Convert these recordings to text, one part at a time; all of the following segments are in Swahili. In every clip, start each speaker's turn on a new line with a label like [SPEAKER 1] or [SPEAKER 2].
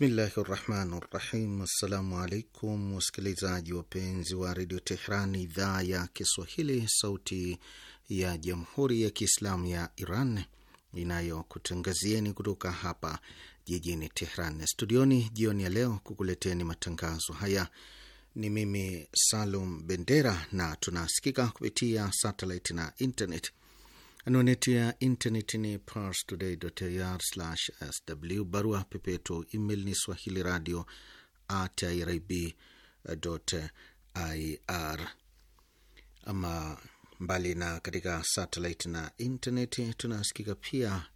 [SPEAKER 1] Bismillahi rahmani rahim. Assalamu alaikum wasikilizaji wapenzi wa redio Tehran, idhaa ya Kiswahili, sauti ya jamhuri ya Kiislamu ya Iran inayokutangazieni kutoka hapa jijini Tehran studioni jioni ya leo kukuleteni matangazo haya. Ni mimi Salum Bendera na tunasikika kupitia satellite na internet. Anuaneti ya intaneti ni parstoday.ir/sw. Barua pepeto email ni swahili radio at irib.ir. Ama mbali na katika satellite na intaneti, tunasikika pia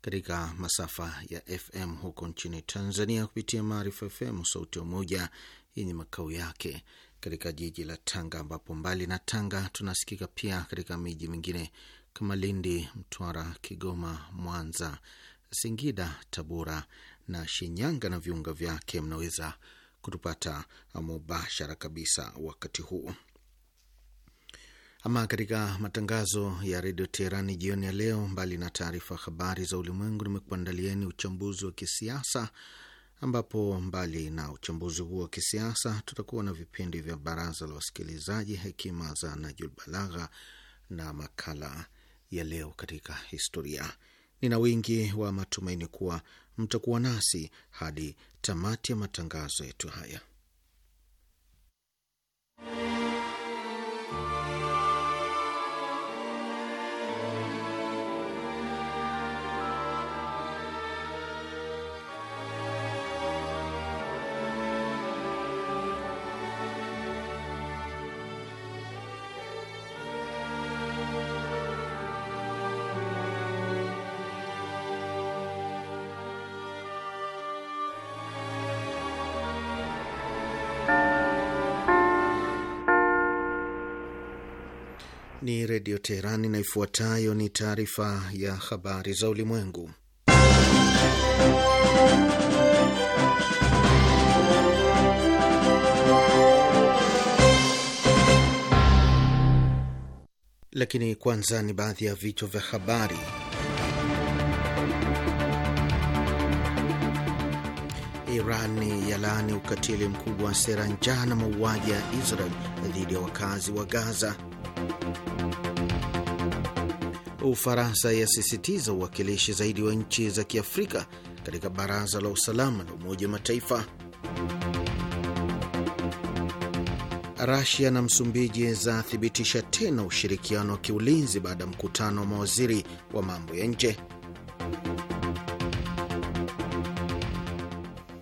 [SPEAKER 1] katika masafa ya FM huko nchini Tanzania kupitia Maarifa FM Sauti ya Umoja yenye makao yake katika jiji la Tanga, ambapo mbali na Tanga tunasikika pia katika miji mingine kama Lindi, Mtwara, Kigoma, Mwanza, Singida, Tabora na Shinyanga na viunga vyake, mnaweza kutupata mubashara kabisa wakati huu. Ama katika matangazo ya redio Teherani jioni ya leo, mbali na taarifa habari za ulimwengu, nimekuandalieni uchambuzi wa kisiasa ambapo mbali na uchambuzi huo wa kisiasa tutakuwa na vipindi vya baraza la wasikilizaji, hekima za Najul Balagha na makala ya leo katika historia. Nina wingi wa matumaini kuwa mtakuwa nasi hadi tamati ya matangazo yetu haya. ni Redio Teherani na ifuatayo ni taarifa ya habari za ulimwengu. Lakini kwanza ni baadhi ya vichwa vya habari. Iran yalaani ukatili mkubwa wa sera njaa na mauaji ya Israel dhidi ya wakazi wa Gaza. Ufaransa yasisitiza uwakilishi zaidi wa nchi za Kiafrika katika Baraza la Usalama la Umoja wa Mataifa. Rasia na Msumbiji zathibitisha tena ushirikiano wa kiulinzi baada ya mkutano wa mawaziri wa mambo ya nje.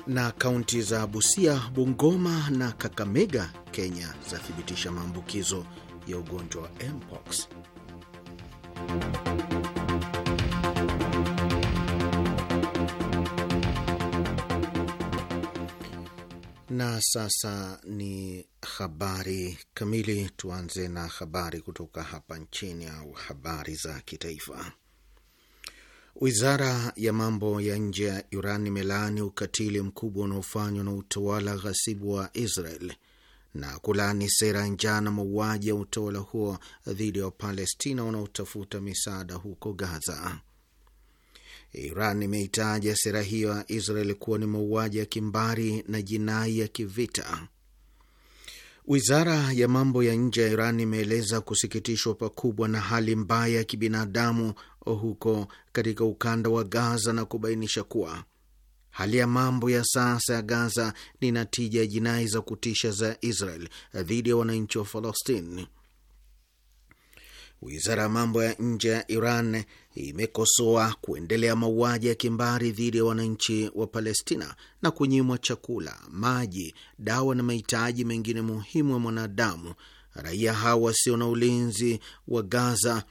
[SPEAKER 1] Na kaunti za Busia, Bungoma na Kakamega, Kenya zathibitisha maambukizo ya ugonjwa wa mpox. Na sasa ni habari kamili. Tuanze na habari kutoka hapa nchini au habari za kitaifa. Wizara ya mambo ya nje ya Iran imelaani ukatili mkubwa unaofanywa na utawala ghasibu wa Israel na kulaani sera njana mauaji ya utawala huo dhidi ya Wapalestina wanaotafuta misaada huko Gaza. Iran imeitaja sera hiyo ya Israel kuwa ni mauaji ya kimbari na jinai ya kivita. Wizara ya mambo ya nje ya Iran imeeleza kusikitishwa pakubwa na hali mbaya ya kibinadamu huko katika ukanda wa Gaza na kubainisha kuwa Hali ya mambo ya sasa ya Gaza ni natija ya jinai za kutisha za Israel dhidi ya wananchi wa Falastini. Wizara ya mambo ya nje ya Iran imekosoa kuendelea mauaji ya kimbari dhidi ya wananchi wa Palestina na kunyimwa chakula, maji, dawa na mahitaji mengine muhimu ya mwanadamu raia hawa wasio na ulinzi wa Gaza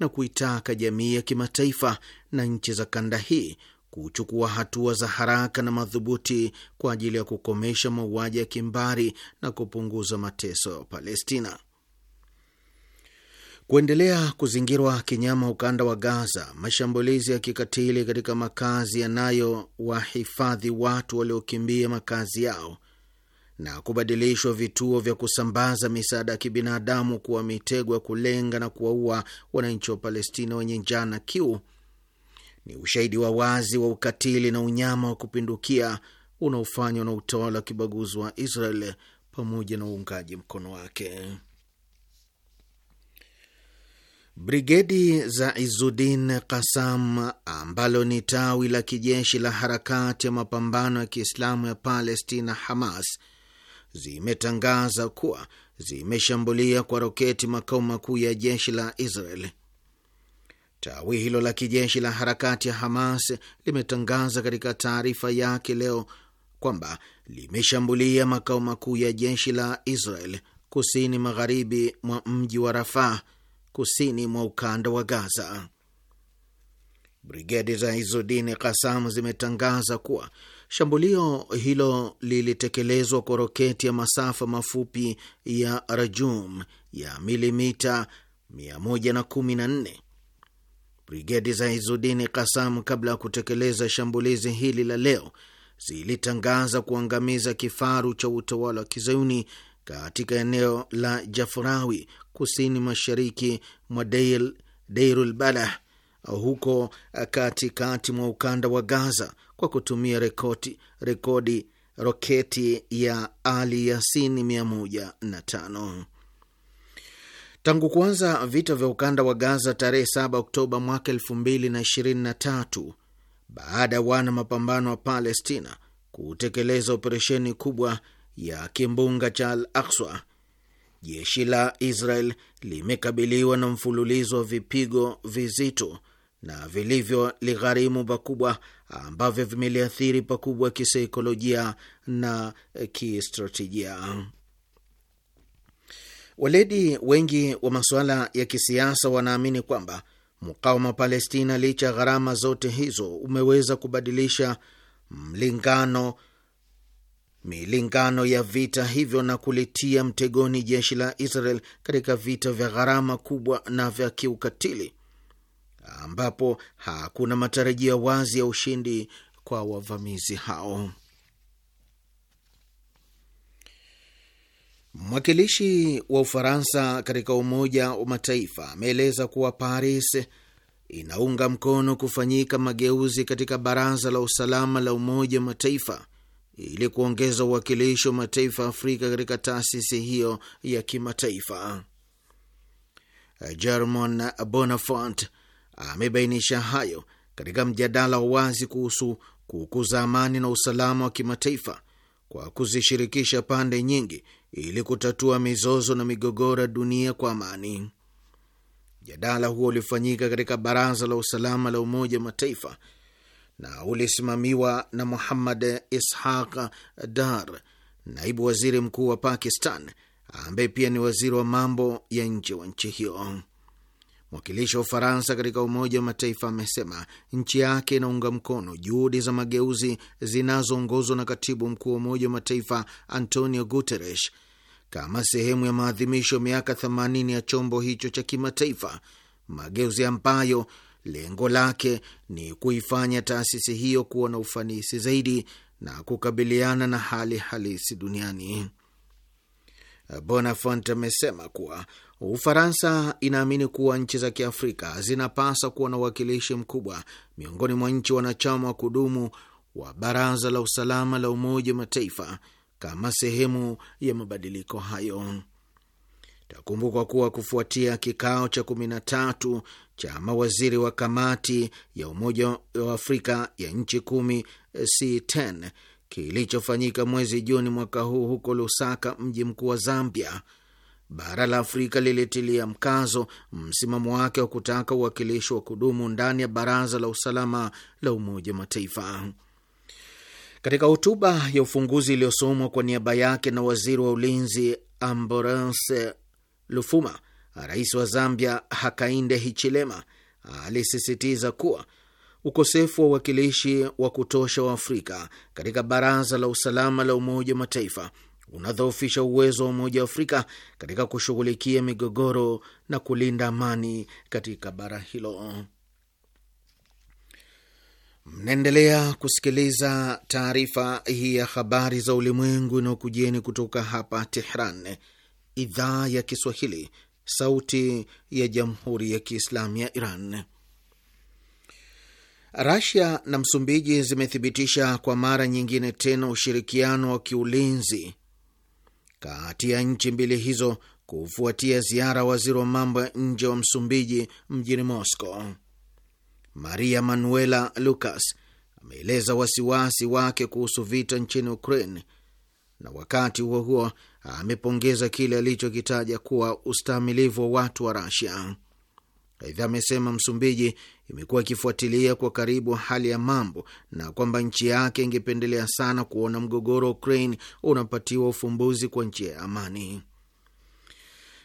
[SPEAKER 1] na kuitaka jamii ya kimataifa na nchi za kanda hii kuchukua hatua za haraka na madhubuti kwa ajili ya kukomesha mauaji ya kimbari na kupunguza mateso ya Palestina. Kuendelea kuzingirwa kinyama ukanda wa Gaza, mashambulizi ya kikatili katika makazi yanayowahifadhi watu waliokimbia makazi yao na kubadilishwa vituo vya kusambaza misaada ya kibinadamu kuwa mitego ya kulenga na kuwaua wananchi wa Palestina wenye njaa na kiu ni ushahidi wa wazi wa ukatili na unyama wa kupindukia unaofanywa na utawala wa kibaguzi wa Israel pamoja na uungaji mkono wake. Brigedi za Izudin Kasam ambalo ni tawi la kijeshi la harakati ya mapambano ya Kiislamu ya Palestina, Hamas, zimetangaza kuwa zimeshambulia kwa roketi makao makuu ya jeshi la Israel. Tawi hilo la kijeshi la harakati ya Hamas limetangaza katika taarifa yake leo kwamba limeshambulia makao makuu ya jeshi la Israel kusini magharibi mwa mji wa Rafah, kusini mwa ukanda wa Gaza. Brigedi za Izudin Kasam zimetangaza kuwa shambulio hilo lilitekelezwa kwa roketi ya masafa mafupi ya Rajum ya milimita 114 Brigedi za Izudini Kasam, kabla ya kutekeleza shambulizi hili la leo, zilitangaza kuangamiza kifaru cha utawala wa kizayuni katika eneo la Jafurawi, kusini mashariki mwa Deirul Balah, huko katikati mwa ukanda wa Gaza, kwa kutumia rekodi, rekodi roketi ya Ali Yasini 105. Tangu kuanza vita vya ukanda wa Gaza tarehe 7 Oktoba mwaka 2023 baada ya wana mapambano wa Palestina kutekeleza operesheni kubwa ya kimbunga cha Al Akswa, jeshi la Israel limekabiliwa na mfululizo wa vipigo vizito na vilivyo ligharimu pakubwa ambavyo vimeliathiri pakubwa kisaikolojia na kistratejia. Waledi wengi wa masuala ya kisiasa wanaamini kwamba mukawama wa Palestina, licha ya gharama zote hizo, umeweza kubadilisha mlingano milingano ya vita hivyo na kulitia mtegoni jeshi la Israel katika vita vya gharama kubwa na vya kiukatili, ambapo hakuna matarajio wazi ya ushindi kwa wavamizi hao. Mwakilishi wa Ufaransa katika Umoja wa Mataifa ameeleza kuwa Paris inaunga mkono kufanyika mageuzi katika Baraza la Usalama la Umoja wa Mataifa ili kuongeza uwakilishi wa mataifa Afrika katika taasisi hiyo ya kimataifa. German Bonafont amebainisha hayo katika mjadala wa wazi kuhusu kukuza amani na usalama wa kimataifa kwa kuzishirikisha pande nyingi ili kutatua mizozo na migogoro ya dunia kwa amani. Mjadala huo ulifanyika katika Baraza la Usalama la Umoja wa Mataifa na ulisimamiwa na Muhammad Ishaq Dar, naibu waziri mkuu wa Pakistan, ambaye pia ni waziri wa mambo ya nje wa nchi hiyo. Mwakilishi wa Ufaransa katika Umoja wa Mataifa amesema nchi yake inaunga mkono juhudi za mageuzi zinazoongozwa na katibu mkuu wa Umoja wa Mataifa Antonio Guterres kama sehemu ya maadhimisho ya miaka 80 ya chombo hicho cha kimataifa, mageuzi ambayo lengo lake ni kuifanya taasisi hiyo kuwa na ufanisi zaidi na kukabiliana na hali halisi duniani. Bonafont amesema kuwa Ufaransa inaamini kuwa nchi za Kiafrika zinapaswa kuwa na uwakilishi mkubwa miongoni mwa nchi wanachama wa kudumu wa Baraza la Usalama la Umoja wa Mataifa kama sehemu ya mabadiliko hayo. Takumbukwa kuwa kufuatia kikao cha kumi na tatu cha mawaziri wa kamati ya Umoja wa Afrika ya nchi kumi C10 kilichofanyika mwezi Juni mwaka huu huko Lusaka, mji mkuu wa Zambia, bara la Afrika lilitilia mkazo msimamo wake wa kutaka uwakilishi wa kudumu ndani ya Baraza la Usalama la Umoja wa Mataifa. Katika hotuba ya ufunguzi iliyosomwa kwa niaba yake na waziri wa ulinzi Ambrose Lufuma, rais wa Zambia Hakainde Hichilema alisisitiza kuwa ukosefu wa uwakilishi wa kutosha wa Afrika katika Baraza la Usalama la Umoja wa Mataifa unadhoofisha uwezo wa Umoja wa Afrika katika kushughulikia migogoro na kulinda amani katika bara hilo. Mnaendelea kusikiliza taarifa hii ya habari za ulimwengu inayokujieni kutoka hapa Tehran, idhaa ya Kiswahili, sauti ya jamhuri ya kiislamu ya Iran. Rasia na Msumbiji zimethibitisha kwa mara nyingine tena ushirikiano wa kiulinzi kati ya nchi mbili hizo kufuatia ziara waziri wa mambo ya nje wa Msumbiji mjini Moscow. Maria Manuela Lucas ameeleza wasiwasi wake kuhusu vita nchini Ukraine na wakati huo huo amepongeza kile alichokitaja kuwa ustamilivu wa watu wa Rasia. Aidha amesema Msumbiji imekuwa ikifuatilia kwa karibu hali ya mambo na kwamba nchi yake ingependelea sana kuona mgogoro wa Ukraine unapatiwa ufumbuzi kwa njia ya amani.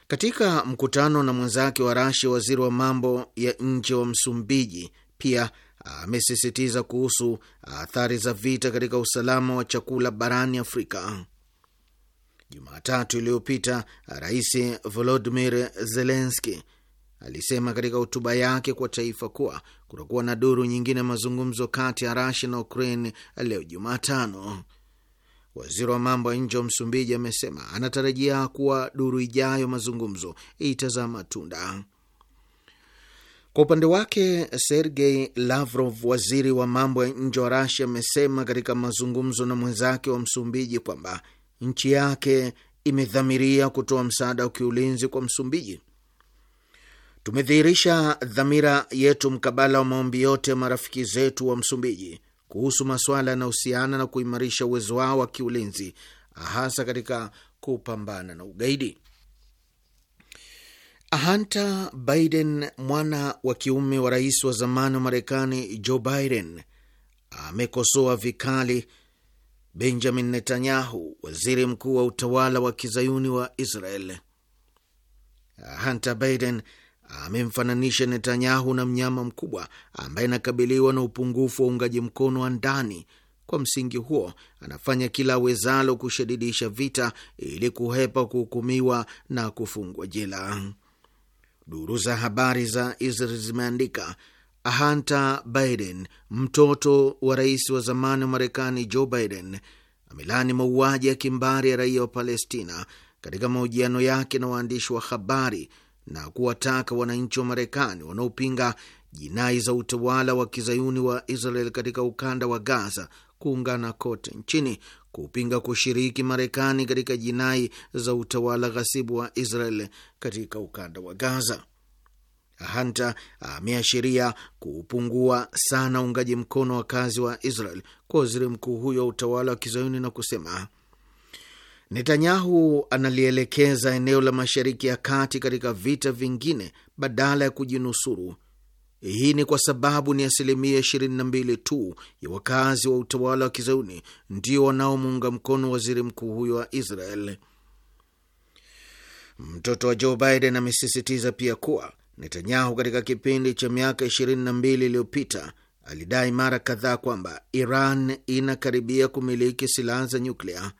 [SPEAKER 1] Katika mkutano na mwenzake wa Rasia, waziri wa mambo ya nje wa Msumbiji pia amesisitiza kuhusu athari za vita katika usalama wa chakula barani Afrika. Jumatatu iliyopita, Rais Volodimir Zelenski alisema katika hotuba yake kwa taifa kuwa kutakuwa na duru nyingine ya mazungumzo kati ya Rasia na Ukraine leo Jumatano. Waziri wa mambo ya nje wa Msumbiji amesema anatarajia kuwa duru ijayo mazungumzo itazaa matunda. Kwa upande wake, Sergei Lavrov, waziri wa mambo ya nje wa Rasia, amesema katika mazungumzo na mwenzake wa Msumbiji kwamba nchi yake imedhamiria kutoa msaada wa kiulinzi kwa Msumbiji Tumedhihirisha dhamira yetu mkabala wa maombi yote ya marafiki zetu wa Msumbiji kuhusu masuala yanayohusiana na kuimarisha uwezo wao wa kiulinzi, hasa katika kupambana na ugaidi. Hunter Biden, mwana wa kiume wa rais wa zamani wa Marekani Joe Biden, amekosoa vikali Benjamin Netanyahu, waziri mkuu wa utawala wa kizayuni wa Israel. Hunter Biden amemfananisha Netanyahu na mnyama mkubwa ambaye anakabiliwa na upungufu wa uungaji mkono wa ndani. Kwa msingi huo, anafanya kila awezalo kushadidisha vita ili kuhepa kuhukumiwa na kufungwa jela. Duru za habari za Israel zimeandika Hunter Biden, mtoto wa rais wa zamani wa Marekani Joe Biden, amelani mauaji ya kimbari ya raia wa Palestina katika mahojiano yake na waandishi wa habari na kuwataka wananchi wa Marekani wanaopinga jinai za utawala wa kizayuni wa Israel katika ukanda wa Gaza kuungana kote nchini kupinga kushiriki Marekani katika jinai za utawala ghasibu wa Israel katika ukanda wa Gaza. Hunter ameashiria kupungua sana uungaji mkono wa kazi wa Israel kwa waziri mkuu huyo wa utawala wa kizayuni na kusema Netanyahu analielekeza eneo la Mashariki ya Kati katika vita vingine badala ya kujinusuru. Hii ni kwa sababu ni asilimia 22 tu ya wakazi wa utawala wa kizayuni ndio wanaomuunga mkono waziri mkuu huyo wa Israel. Mtoto wa Joe Biden amesisitiza pia kuwa Netanyahu katika kipindi cha miaka 22 iliyopita alidai mara kadhaa kwamba Iran inakaribia kumiliki silaha za nyuklia.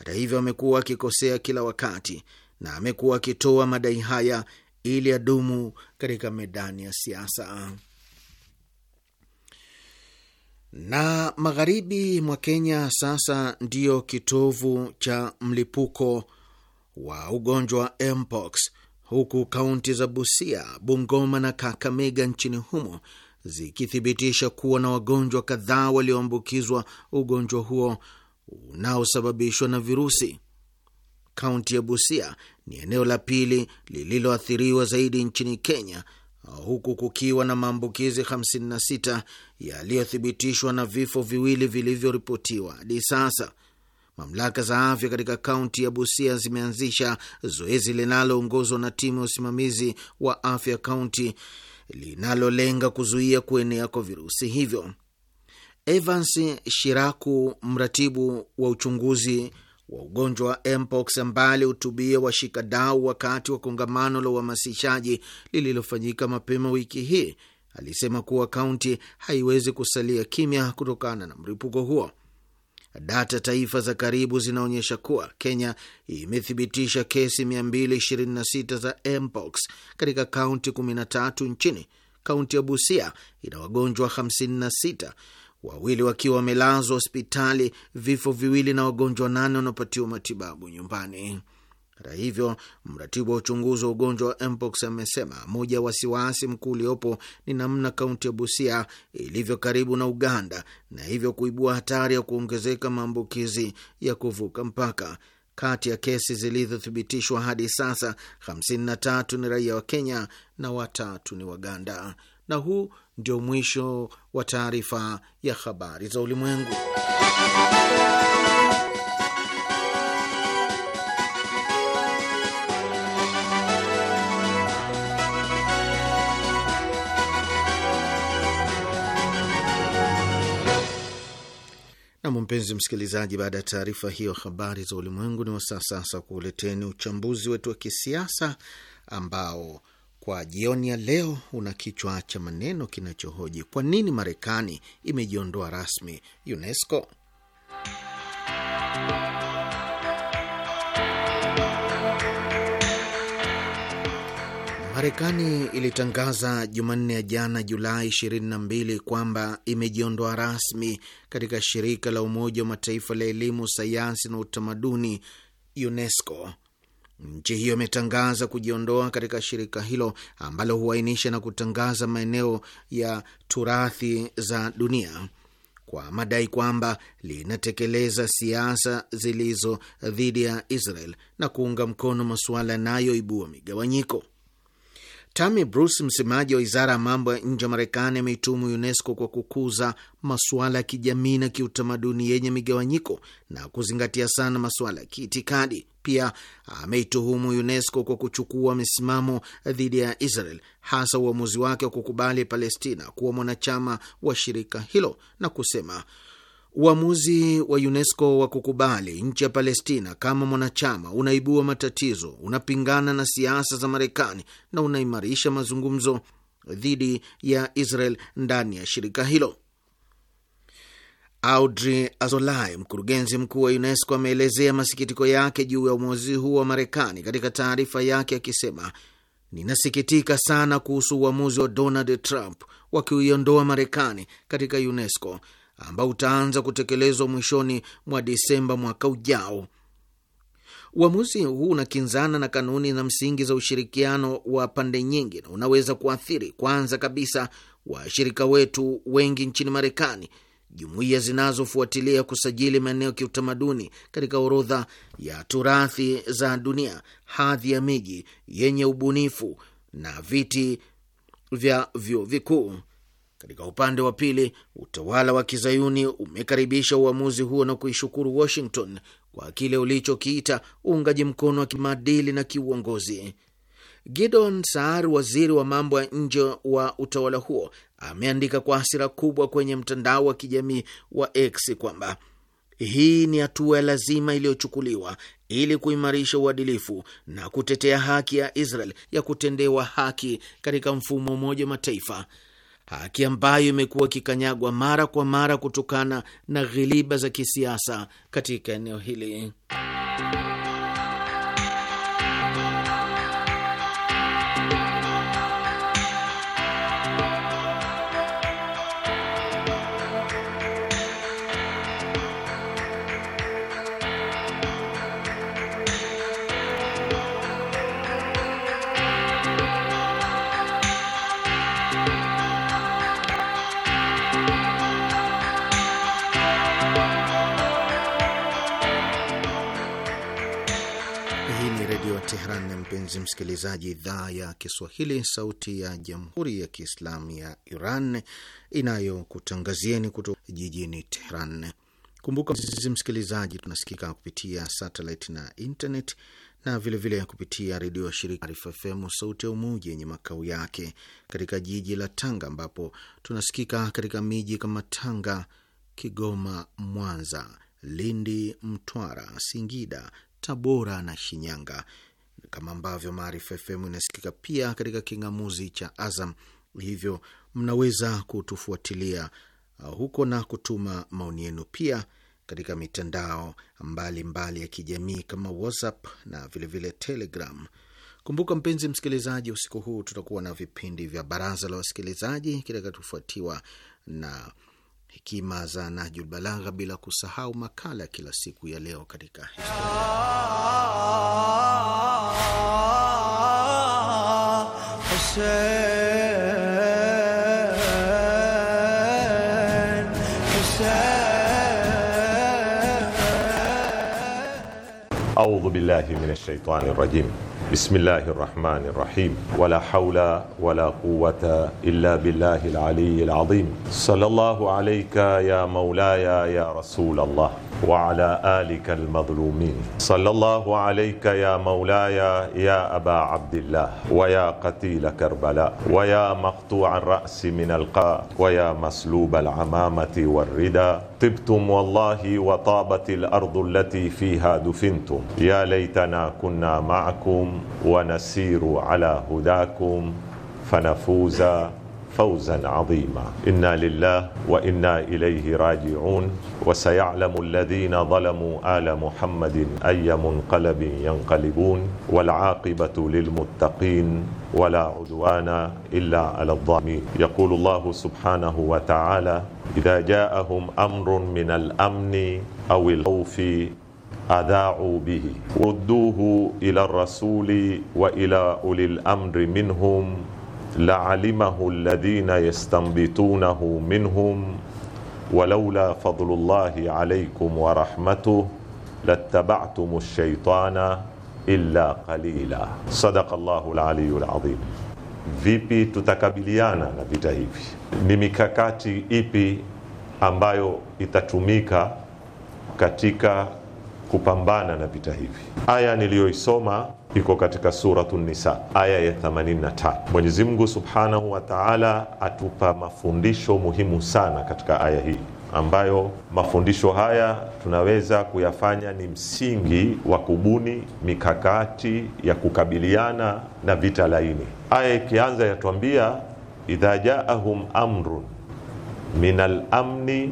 [SPEAKER 1] Hata hivyo, amekuwa akikosea kila wakati na amekuwa akitoa madai haya ili adumu katika medani ya siasa. Na magharibi mwa Kenya sasa ndiyo kitovu cha mlipuko wa ugonjwa wa mpox, huku kaunti za Busia, Bungoma na Kakamega nchini humo zikithibitisha kuwa na wagonjwa kadhaa walioambukizwa ugonjwa huo unaosababishwa na virusi. Kaunti ya Busia ni eneo la pili lililoathiriwa zaidi nchini Kenya, huku kukiwa na maambukizi 56 yaliyothibitishwa na vifo viwili vilivyoripotiwa hadi sasa. Mamlaka za afya katika kaunti ya Busia zimeanzisha zoezi linaloongozwa na timu ya usimamizi wa afya kaunti linalolenga kuzuia kuenea kwa virusi hivyo. Evans Shiraku, mratibu wa uchunguzi wa ugonjwa wa mpox, ambaye alihutubia washikadau wakati wa kongamano la uhamasishaji lililofanyika mapema wiki hii, alisema kuwa kaunti haiwezi kusalia kimya kutokana na mlipuko huo. Data taifa za karibu zinaonyesha kuwa Kenya imethibitisha kesi 226 za mpox katika kaunti 13 nchini. Kaunti ya Busia ina wagonjwa 56 wawili wakiwa wamelazwa hospitali, vifo viwili na wagonjwa nane wanaopatiwa matibabu nyumbani. Hata hivyo, mratibu wa uchunguzi wa ugonjwa wa mpox amesema moja ya wasiwasi mkuu uliopo ni namna kaunti ya Busia ilivyo karibu na Uganda na hivyo kuibua hatari ya kuongezeka maambukizi ya kuvuka mpaka. Kati ya kesi zilizothibitishwa hadi sasa, 53 ni raia wa Kenya na watatu ni Waganda. Na huu ndio mwisho wa taarifa ya habari za ulimwengu. Nam, mpenzi msikilizaji, baada ya taarifa hiyo habari za ulimwengu, ni wasaa sasa kukuleteni uchambuzi wetu wa kisiasa ambao kwa jioni ya leo una kichwa cha maneno kinachohoji kwa nini Marekani imejiondoa rasmi UNESCO. Marekani ilitangaza Jumanne ya jana Julai 22 kwamba imejiondoa rasmi katika shirika la Umoja wa Mataifa la elimu, sayansi na utamaduni UNESCO Nchi hiyo imetangaza kujiondoa katika shirika hilo ambalo huainisha na kutangaza maeneo ya turathi za dunia kwa madai kwamba linatekeleza siasa zilizo dhidi ya Israel na kuunga mkono masuala yanayoibua migawanyiko. Tammy Bruce, msemaji wa wizara ya mambo ya nje ya Marekani, ameitumu UNESCO kwa kukuza masuala ya kijamii na kiutamaduni yenye migawanyiko na kuzingatia sana masuala ya kiitikadi. Pia ameituhumu UNESCO kwa kuchukua misimamo dhidi ya Israel, hasa uamuzi wake wa kukubali Palestina kuwa mwanachama wa shirika hilo na kusema uamuzi wa UNESCO wa kukubali nchi ya Palestina kama mwanachama unaibua matatizo, unapingana na siasa za Marekani na unaimarisha mazungumzo dhidi ya Israel ndani ya shirika hilo. Audrey Azolai, mkurugenzi mkuu wa UNESCO, ameelezea masikitiko yake juu ya uamuzi huu wa Marekani katika taarifa yake akisema, ninasikitika sana kuhusu uamuzi wa Donald Trump wa kuiondoa Marekani katika UNESCO ambao utaanza kutekelezwa mwishoni mwa Disemba mwaka ujao. Uamuzi huu unakinzana na kanuni na msingi za ushirikiano wa pande nyingi na unaweza kuathiri kwanza kabisa washirika wetu wengi nchini Marekani jumuiya zinazofuatilia kusajili maeneo ya kiutamaduni katika orodha ya turathi za dunia, hadhi ya miji yenye ubunifu na viti vya vyuo vikuu. Katika upande wa pili, utawala wa kizayuni umekaribisha uamuzi huo na kuishukuru Washington kwa kile ulichokiita uungaji mkono wa kimaadili na kiuongozi. Gideon Saar, waziri wa mambo ya nje wa utawala huo, ameandika kwa hasira kubwa kwenye mtandao wa kijamii wa X kwamba hii ni hatua ya lazima iliyochukuliwa ili kuimarisha uadilifu na kutetea haki ya Israel ya kutendewa haki katika mfumo wa Umoja wa Mataifa, haki ambayo imekuwa ikikanyagwa mara kwa mara kutokana na ghiliba za kisiasa katika eneo hili. mpenzi msikilizaji, idhaa ya Kiswahili sauti ya jamhuri ya Kiislamu ya Iran inayokutangazieni kutoka jijini Tehran. Kumbuka mpenzi msikilizaji, tunasikika kupitia satelit na internet na vilevile vile kupitia redio ya shirika Arifa FM sauti ya Umoja yenye makao yake katika jiji la Tanga, ambapo tunasikika katika miji kama Tanga, Kigoma, Mwanza, Lindi, Mtwara, Singida, Tabora na Shinyanga kama ambavyo Maarifa FM inasikika pia katika king'amuzi cha Azam, hivyo mnaweza kutufuatilia uh, huko na kutuma maoni yenu pia katika mitandao mbalimbali mbali ya kijamii kama WhatsApp na vilevile vile Telegram. Kumbuka mpenzi msikilizaji, usiku huu tutakuwa na vipindi vya baraza la wasikilizaji kitakatofuatiwa na hekima za Najul Balagha, bila kusahau makala kila siku ya leo katika historia
[SPEAKER 2] حسين حسين
[SPEAKER 3] أعوذ بالله من الشيطان الرجيم بسم الله الرحمن الرحيم ولا حول ولا قوة إلا بالله العلي العظيم صلى الله عليك يا مولاي يا رسول الله وعلى آلك المظلومين صلى الله عليك يا مولاي يا أبا عبد الله ويا قتيل كربلاء ويا مقطوع الرأس من القاء ويا مسلوب العمامة والردى طبتم والله وطابت الارض التي فيها دفنتم يا ليتنا كنا معكم ونسير على هداكم فنفوز فوزا عظيما انا لله وانا اليه راجعون وسيعلم الذين ظلموا ال محمد اي منقلب ينقلبون والعاقبه للمتقين ولا عدوان الا على الظالمين يقول الله سبحانه وتعالى اذا جاءهم امر من الامن او الخوف أذاعوا به ردوه إلى الرسول وإلى أولي الأمر منهم laalimahu alladhina yastanbitunahu minhum walaula fadlullahi alaykum wa rahmatuh latabatum ash-shaytana illa qalila. Sadaqa Allahu al-aliyyul Vipi tutakabiliana na vita hivi? Ni mikakati ipi ambayo itatumika katika kupambana na vita hivi? Aya niliyoisoma iko katika suratu Nisa aya ya 83. Mwenyezi Mungu subhanahu wa taala atupa mafundisho muhimu sana katika aya hii ambayo mafundisho haya tunaweza kuyafanya ni msingi wa kubuni mikakati ya kukabiliana na vita laini. Aya ikianza yatwambia, idha jaahum amrun min alamni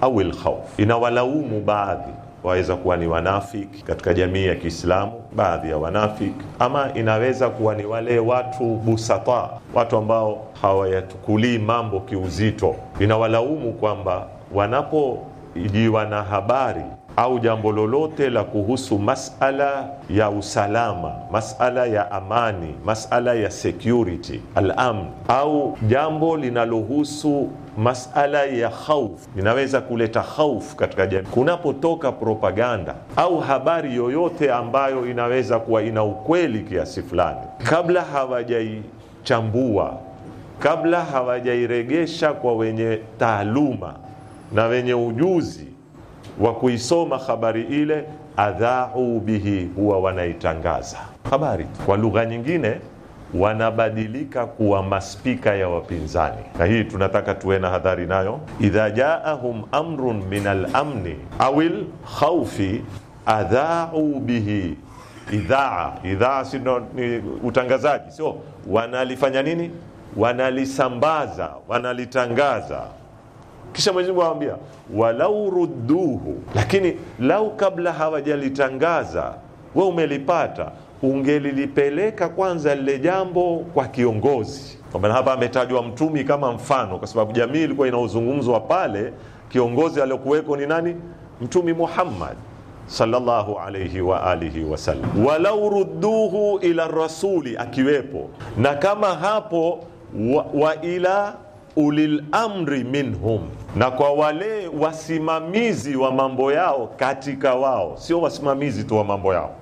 [SPEAKER 3] au lkhauf, inawalaumu baadhi, waweza kuwa ni wanafiki katika jamii ya Kiislamu baadhi ya wanafiki, ama inaweza kuwa ni wale watu busata, watu ambao hawayachukulii mambo kiuzito. Inawalaumu kwamba wanapojiwa na habari au jambo lolote la kuhusu masala ya usalama, masala ya amani, masala ya security al-amn, au jambo linalohusu masala ya khauf, linaweza kuleta khauf katika jamii. Kunapotoka propaganda au habari yoyote ambayo inaweza kuwa ina ukweli kiasi fulani, kabla hawajaichambua, kabla hawajairegesha kwa wenye taaluma na wenye ujuzi wa kuisoma habari ile, adhau bihi, huwa wanaitangaza habari kwa lugha nyingine wanabadilika kuwa maspika ya wapinzani, na hii tunataka tuwe na hadhari nayo. idha jaahum amrun min alamni amni lkhaufi adhau bihi. Idhaa idhaa si ni utangazaji, sio? Wanalifanya nini? Wanalisambaza, wanalitangaza kisha Mwenyezi Mungu anamwambia walau rudduhu, lakini lau kabla hawajalitangaza we umelipata, ungelilipeleka kwanza lile jambo kwa kiongozi. Hapa ametajwa mtumi kama mfano, kwa sababu jamii ilikuwa inaozungumzwa pale. Kiongozi aliyokuweko ni nani? Mtumi Muhammad sallallahu alayhi wa alihi sallam. Walau rudduhu ila rasuli, akiwepo na kama hapo wa, wa ila ulil amri minhum, na kwa wale wasimamizi wa mambo yao katika wao. Sio wasimamizi tu wa mambo yao,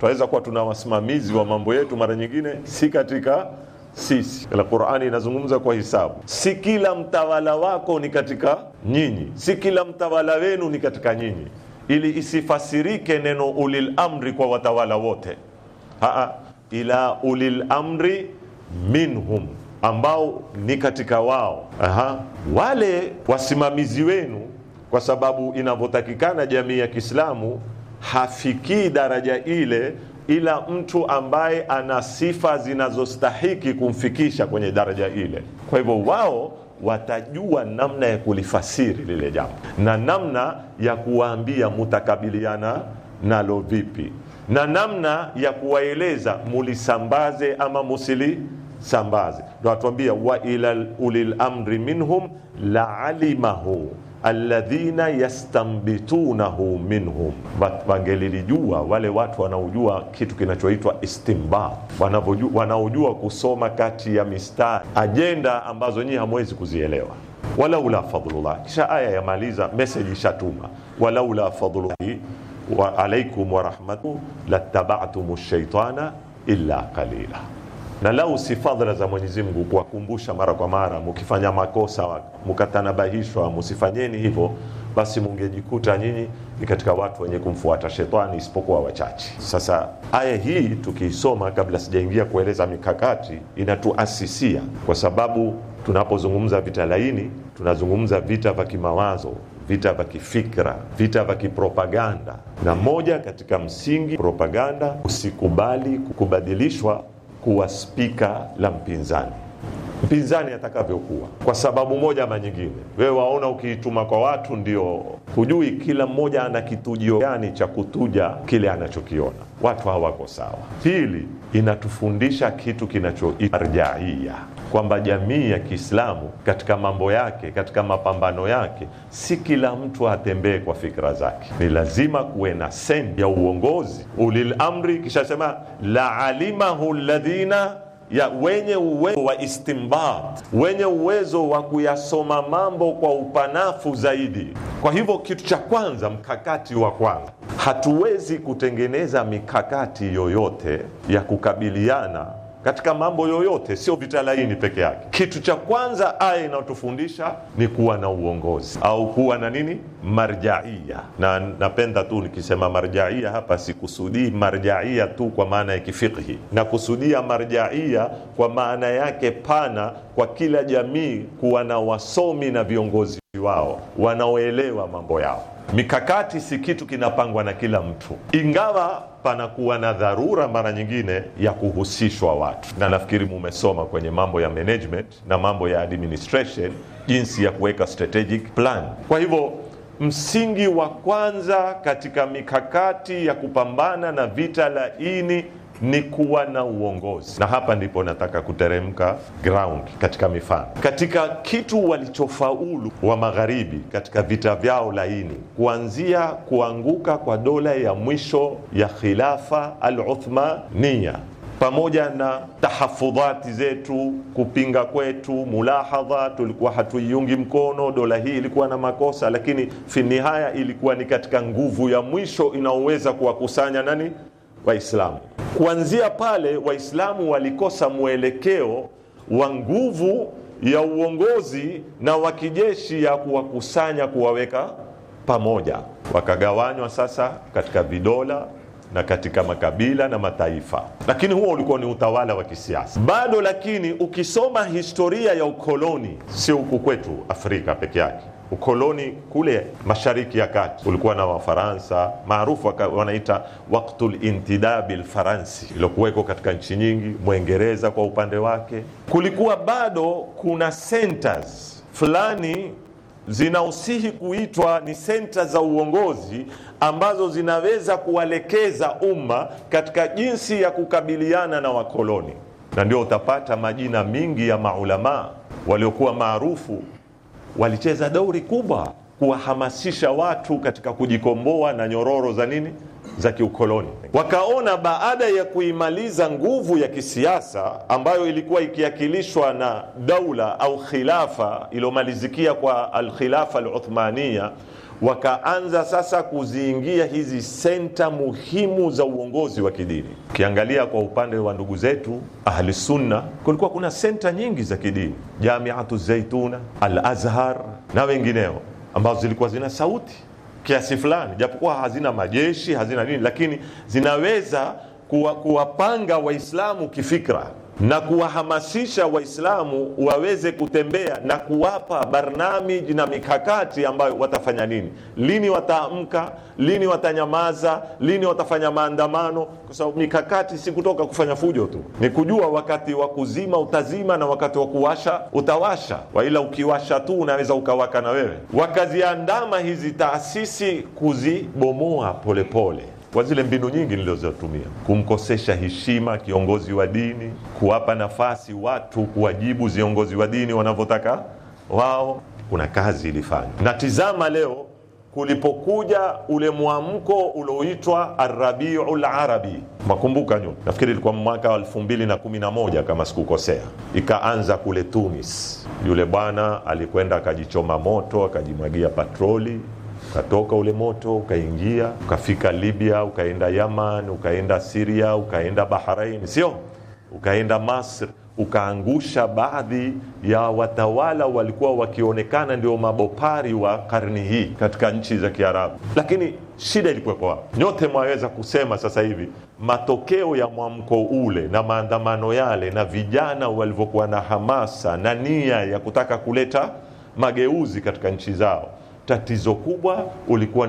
[SPEAKER 3] tunaweza kuwa tuna wasimamizi wa mambo yetu mara nyingine si katika sisi. La Qur'ani inazungumza kwa hisabu, si kila mtawala wako ni katika nyinyi, si kila mtawala wenu ni katika nyinyi, ili isifasirike neno ulil amri kwa watawala wote. ila ulil amri minhum ambao ni katika wao. Aha. Wale wasimamizi wenu, kwa sababu inavyotakikana jamii ya Kiislamu hafikii daraja ile ila mtu ambaye ana sifa zinazostahiki kumfikisha kwenye daraja ile. Kwa hivyo wao watajua namna ya kulifasiri lile jambo na namna ya kuwaambia mutakabiliana nalo vipi, na namna ya kuwaeleza mulisambaze ama musilisambaze na watuambia wa ila ulil amri minhum laalimahu alladhina yastambitunahu minhum, wangelilijua wale watu wanaojua kitu kinachoitwa istimba, wanaojua kusoma kati ya mistari, ajenda ambazo nyinyi hamwezi kuzielewa walaula fadlullah. Kisha aya yamaliza, meseji ishatuma, walaula fadlullahi wa alaikum wa rahmatuhu shaitana illa qalila na lau si fadhila za Mwenyezi Mungu kuwakumbusha mara kwa mara, mukifanya makosa mukatanabahishwa, musifanyeni hivyo, basi mungejikuta nyinyi ni katika watu wenye kumfuata shetani isipokuwa wachache. Sasa aya hii tukiisoma, kabla sijaingia kueleza mikakati, inatuasisia kwa sababu tunapozungumza vita laini, tunazungumza vita vya kimawazo, vita vya kifikra, vita vya kipropaganda, na moja katika msingi propaganda, usikubali kukubadilishwa kuwa spika la mpinzani, mpinzani atakavyokuwa, kwa sababu moja ama nyingine. Wewe waona ukiituma kwa watu, ndio hujui kila mmoja ana kitujio gani cha kutuja kile anachokiona. Watu hawako sawa. Pili, inatufundisha kitu kinachoitwa kwamba jamii ya Kiislamu katika mambo yake, katika mapambano yake, si kila mtu atembee kwa fikra zake. Ni lazima kuwe na sen ya uongozi ulil amri, kisha sema la alimahu ya wenye uwezo wa istimbat, wenye uwezo wa kuyasoma mambo kwa upanafu zaidi. Kwa hivyo, kitu cha kwanza, mkakati wa kwanza, hatuwezi kutengeneza mikakati yoyote ya kukabiliana katika mambo yoyote, sio vita laini peke yake. Kitu cha kwanza aya inayotufundisha ni kuwa na uongozi au kuwa na nini, marjaia. Na napenda tu nikisema marjaia hapa, sikusudii marjaia tu kwa maana ya kifikhi, na kusudia marjaia kwa maana yake pana, kwa kila jamii kuwa na wasomi na viongozi wao wanaoelewa mambo yao. Mikakati si kitu kinapangwa na kila mtu, ingawa panakuwa na dharura mara nyingine ya kuhusishwa watu, na nafikiri mumesoma kwenye mambo ya management na mambo ya administration jinsi ya kuweka strategic plan. Kwa hivyo msingi wa kwanza katika mikakati ya kupambana na vita laini ni kuwa na uongozi, na hapa ndipo nataka kuteremka ground katika mifano, katika kitu walichofaulu wa magharibi katika vita vyao laini, kuanzia kuanguka kwa dola ya mwisho ya khilafa al-Uthmania pamoja na tahafudhati zetu, kupinga kwetu, mulahadha, tulikuwa hatuiungi mkono dola hii, ilikuwa na makosa, lakini finihaya ilikuwa ni katika nguvu ya mwisho inaoweza kuwakusanya nani Waislamu. Kuanzia pale Waislamu walikosa mwelekeo wa nguvu ya uongozi na wa kijeshi ya kuwakusanya kuwaweka pamoja, wakagawanywa sasa katika vidola na katika makabila na mataifa, lakini huo ulikuwa ni utawala wa kisiasa bado. Lakini ukisoma historia ya ukoloni, sio huku kwetu Afrika peke yake ukoloni kule Mashariki ya Kati ulikuwa na Wafaransa maarufu wanaita waktul intidabi lfaransi iliokuweko katika nchi nyingi. Mwingereza kwa upande wake, kulikuwa bado kuna centers fulani zinausihi kuitwa ni senta za uongozi ambazo zinaweza kuwalekeza umma katika jinsi ya kukabiliana na wakoloni, na ndio utapata majina mingi ya maulamaa waliokuwa maarufu walicheza dauri kubwa kuwahamasisha watu katika kujikomboa na nyororo za nini za kiukoloni. Wakaona baada ya kuimaliza nguvu ya kisiasa ambayo ilikuwa ikiakilishwa na daula au khilafa iliyomalizikia kwa alkhilafa aluthmania wakaanza sasa kuziingia hizi senta muhimu za uongozi wa kidini. Ukiangalia kwa upande wa ndugu zetu ahli kulikuwa kuna senta nyingi za kidini, Jamiatu Zaituna, Al Azhar na wengineo, ambazo zilikuwa zina sauti kiasi fulani, japokuwa hazina majeshi hazina nini, lakini zinaweza kuwapanga kuwa Waislamu kifikra na kuwahamasisha Waislamu waweze kutembea na kuwapa barnamiji na mikakati ambayo watafanya nini, lini wataamka, lini watanyamaza, lini watafanya maandamano, kwa sababu mikakati si kutoka kufanya fujo tu, ni kujua wakati wa kuzima utazima na wakati wa kuwasha utawasha, waila ukiwasha tu unaweza ukawaka na wewe. Wakaziandama hizi taasisi kuzibomoa polepole pole kwa zile mbinu nyingi nilizotumia, kumkosesha heshima kiongozi wa dini, kuwapa nafasi watu kuwajibu viongozi wa dini wanavyotaka wao. Kuna kazi ilifanywa, na tizama leo kulipokuja ule mwamko ulioitwa Arabiul Arabi, makumbuka nyuma, nafikiri ilikuwa mwaka wa moja kama sikukosea, ikaanza kule Tunis. Yule bwana alikwenda akajichoma moto akajimwagia patroli ukatoka ule moto ukaingia ukafika Libya ukaenda Yaman ukaenda siria ukaenda Bahrain, sio ukaenda Masr ukaangusha baadhi ya watawala walikuwa wakionekana ndio mabopari wa karni hii katika nchi za Kiarabu. Lakini shida ilikuwepo wapi? Nyote mwaweza kusema sasa hivi matokeo ya mwamko ule na maandamano yale na vijana walivyokuwa na hamasa na nia ya kutaka kuleta mageuzi katika nchi zao tatizo kubwa ulikuwa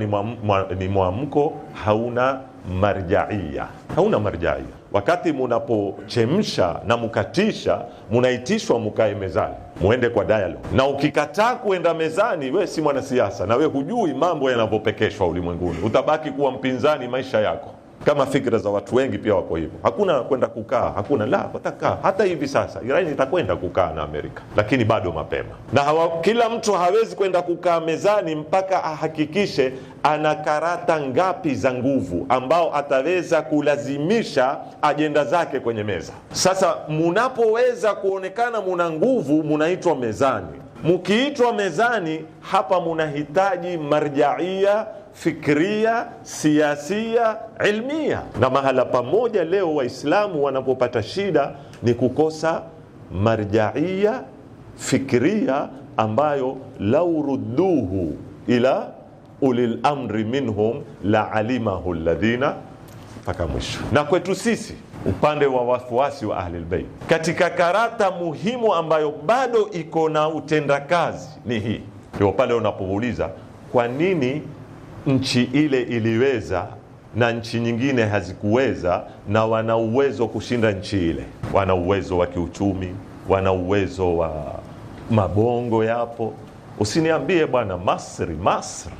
[SPEAKER 3] ni mwamko hauna marjaia, hauna marjaia. Wakati munapochemsha na mukatisha, munaitishwa mukae mezani, muende kwa dialog na ukikataa kuenda mezani, we si mwanasiasa na we hujui mambo yanavyopekeshwa ulimwenguni, utabaki kuwa mpinzani maisha yako kama fikra za watu wengi pia wako hivyo. Hakuna kwenda kukaa, hakuna la watakaa. Hata hivi sasa Iran itakwenda kukaa na Amerika, lakini bado mapema na hawa, kila mtu hawezi kwenda kukaa mezani mpaka ahakikishe ana karata ngapi za nguvu ambao ataweza kulazimisha ajenda zake kwenye meza. Sasa munapoweza kuonekana muna nguvu, munaitwa mezani. Mukiitwa mezani, hapa munahitaji marjaia fikria, siasia, ilmia. Na mahala pamoja leo Waislamu wanapopata shida ni kukosa marjaia fikria ambayo lau rudduhu ila ulil amri minhum la alimahu alladhina, mpaka mwisho. Na kwetu sisi upande wa wafuasi wa ahlilbeit katika karata muhimu ambayo bado iko na utendakazi ni hii. Ndio pale unapouliza kwa nini nchi ile iliweza na nchi nyingine hazikuweza, na wana uwezo kushinda nchi ile. Wana uwezo wa kiuchumi, wana uwezo wa mabongo yapo. Usiniambie bwana, Masri Masri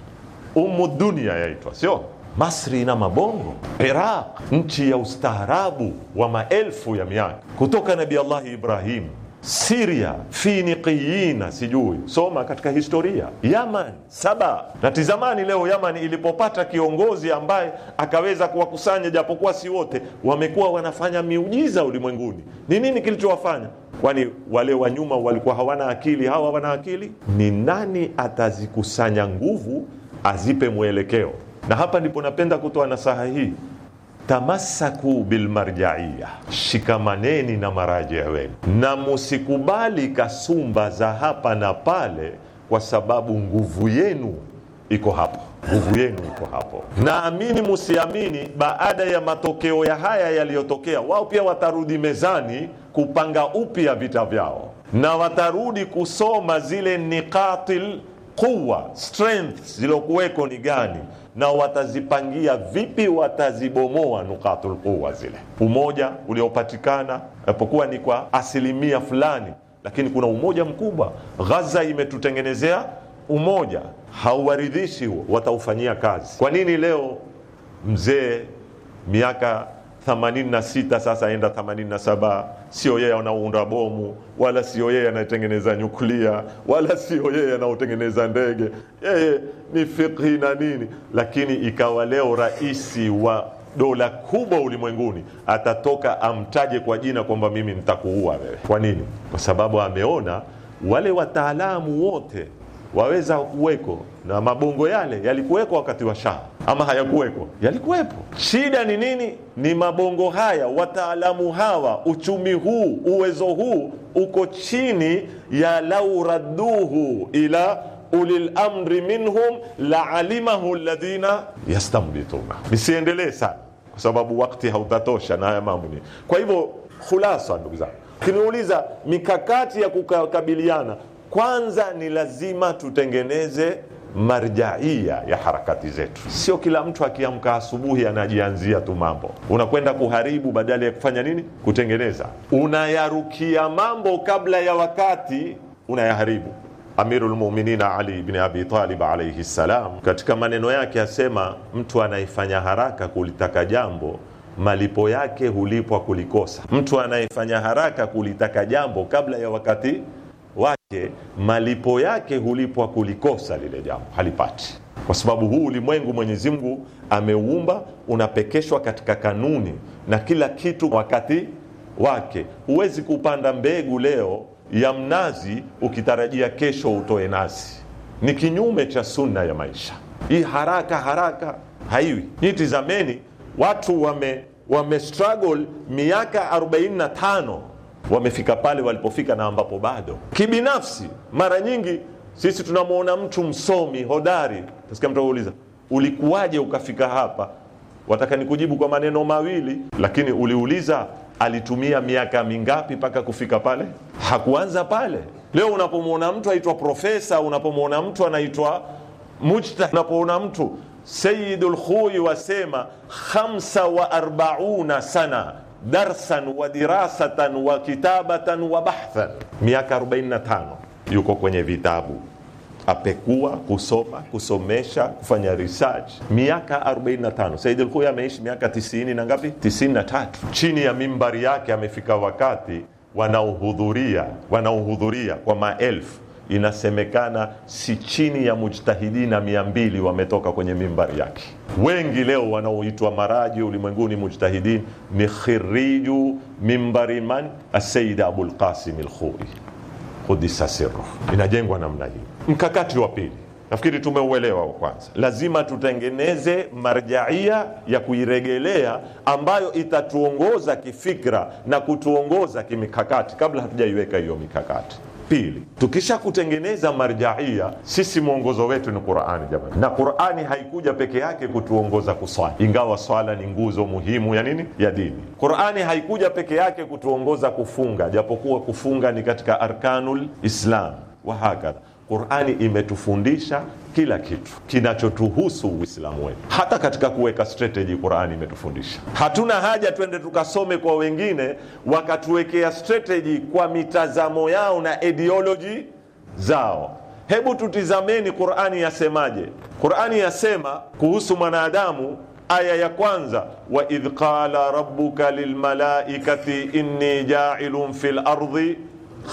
[SPEAKER 3] umu dunia yaitwa, sio Masri ina mabongo Iraq, nchi ya ustaarabu wa maelfu ya miaka kutoka Nabii Allahi Ibrahim Siria fi sijui soma katika historia Yaman saba. Na tizamani leo Yaman ilipopata kiongozi ambaye akaweza kuwakusanya japokuwa si wote, wamekuwa wanafanya miujiza ulimwenguni. Ni nini kilichowafanya? Kwani wale wa nyuma walikuwa hawana akili? Hawa wana akili. Ni nani atazikusanya nguvu azipe mwelekeo? Na hapa ndipo napenda kutoa nasaha hii tamassaku bilmarjaia, shikamaneni na marajia wenu, na musikubali kasumba za hapa na pale, kwa sababu nguvu yenu iko hapo, nguvu yenu iko hapo. Naamini musiamini, baada ya matokeo ya haya yaliyotokea, wao pia watarudi mezani kupanga upya vita vyao, na watarudi kusoma zile nikatil quwa, strength zilokuweko ni gani na watazipangia vipi, watazibomoa nukatul quwa zile, umoja uliopatikana apokuwa ni kwa asilimia fulani, lakini kuna umoja mkubwa. ghaza imetutengenezea umoja, hauwaridhishi huo, wataufanyia kazi. Kwa nini leo mzee miaka 86 sasa enda 87. Sio yeye anaunda bomu wala sio yeye anatengeneza nyuklia wala sio yeye anaotengeneza ndege, yeye ni fikhi na nini. Lakini ikawa leo rais wa dola kubwa ulimwenguni atatoka amtaje kwa jina kwamba mimi nitakuua wewe. Kwa nini? Kwa sababu ameona wale wataalamu wote waweza kuweko na mabongo yale yalikuweko wakati wa Shah ama hayakuweko? Yalikuwepo. Shida ni nini? Ni mabongo haya, wataalamu hawa, uchumi huu, uwezo huu uko chini ya lau radduhu ila ulil amri minhum la alimahu alladhina yastambituna. Nisiendelee sana kwa sababu wakati hautatosha na haya mambo ni. Kwa hivyo khulasa, ndugu zangu, kiniuliza mikakati ya kukabiliana kwanza ni lazima tutengeneze marjaia ya harakati zetu. Sio kila mtu akiamka asubuhi anajianzia tu mambo, unakwenda kuharibu badala ya kufanya nini? Kutengeneza. Unayarukia mambo kabla ya wakati, unayaharibu. Amirul Mu'minin Ali bni Abi Talib alayhi salam, katika maneno yake asema, mtu anayefanya haraka kulitaka jambo malipo yake hulipwa kulikosa. Mtu anayefanya haraka kulitaka jambo kabla ya wakati wake malipo yake hulipwa kulikosa lile jambo, halipati kwa sababu huu ulimwengu Mwenyezi Mungu ameuumba unapekeshwa katika kanuni, na kila kitu wakati wake. Huwezi kupanda mbegu leo ya mnazi ukitarajia kesho utoe nazi, ni kinyume cha sunna ya maisha. Hii haraka haraka haiwi. Ni tizameni watu wame, wame struggle miaka 45 wamefika pale walipofika na ambapo bado. Kibinafsi, mara nyingi sisi tunamwona mtu msomi hodari, tasikia mtu auliza ulikuwaje ukafika hapa, wataka nikujibu kwa maneno mawili, lakini uliuliza alitumia miaka mingapi mpaka kufika pale? Hakuanza pale. Leo unapomwona mtu aitwa profesa, unapomwona mtu anaitwa mujtahid, unapoona mtu Sayyidul Khuyi wasema khamsa sana darsan wa dirasatan wa kitabatan wa bahthan, miaka 45 yuko kwenye vitabu apekua kusoma kusomesha kufanya research miaka 45. Said Alkhuya ameishi miaka 90 na ngapi? 93. Chini ya mimbari yake amefika wakati wanaohudhuria wanaohudhuria kwa maelfu inasemekana si chini ya mujtahidina mia mbili wametoka kwenye mimbari yake. Wengi leo wanaoitwa maraji ulimwenguni mujtahidin ni khiriju mimbari man Asaid Abulqasim Lkhuri kudisa siru, Inajengwa namna hii. Mkakati wa pili nafikiri tumeuelewa wa kwanza, lazima tutengeneze marjaia ya kuiregelea ambayo itatuongoza kifikra na kutuongoza kimikakati, kabla hatujaiweka hiyo mikakati Pili, tukisha kutengeneza marjaia, sisi mwongozo wetu ni Qurani jamani, na Qurani haikuja peke yake kutuongoza kuswali, ingawa swala ni nguzo muhimu ya nini, ya dini. Qurani haikuja peke yake kutuongoza kufunga, japokuwa kufunga ni katika arkanul Islam wa hakadha Qur'ani imetufundisha kila kitu kinachotuhusu Uislamu wetu, hata katika kuweka strategy Qur'ani imetufundisha. Hatuna haja twende tukasome kwa wengine wakatuwekea strategy kwa mitazamo yao na ideology zao. Hebu tutizameni Qur'ani yasemaje. Qur'ani yasema kuhusu mwanadamu Aya ya kwanza, wa idh qala rabbuka lilmalaikati inni ja'ilun fil ardi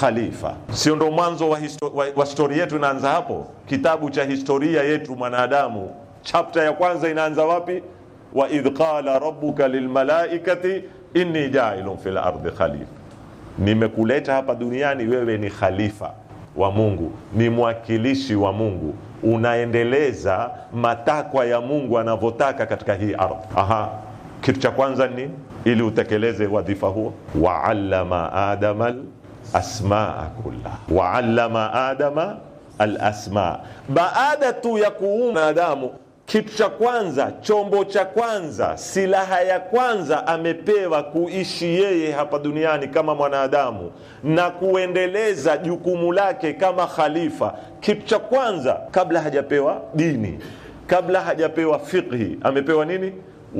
[SPEAKER 3] khalifa. Sio ndo mwanzo wa, wa, wa historia yetu inaanza hapo? Kitabu cha historia yetu mwanadamu, chapta ya kwanza inaanza wapi? wa idh qala rabbuka lilmalaikati inni jailun fil ardi khalifa, nimekuleta hapa duniani wewe ni khalifa wa Mungu, ni mwakilishi wa Mungu, unaendeleza matakwa ya Mungu anavyotaka katika hii ardhi. Aha, kitu cha kwanza ni ili utekeleze wadhifa huo, waallama adamal asmaa kullaha wa adama alasmaa. Baada tu ya kuumba Adamu, kitu cha kwanza, chombo cha kwanza, silaha ya kwanza amepewa kuishi yeye hapa duniani kama mwanadamu na kuendeleza jukumu lake kama khalifa. Kitu cha kwanza, kabla hajapewa dini, kabla hajapewa fiqhi, amepewa nini?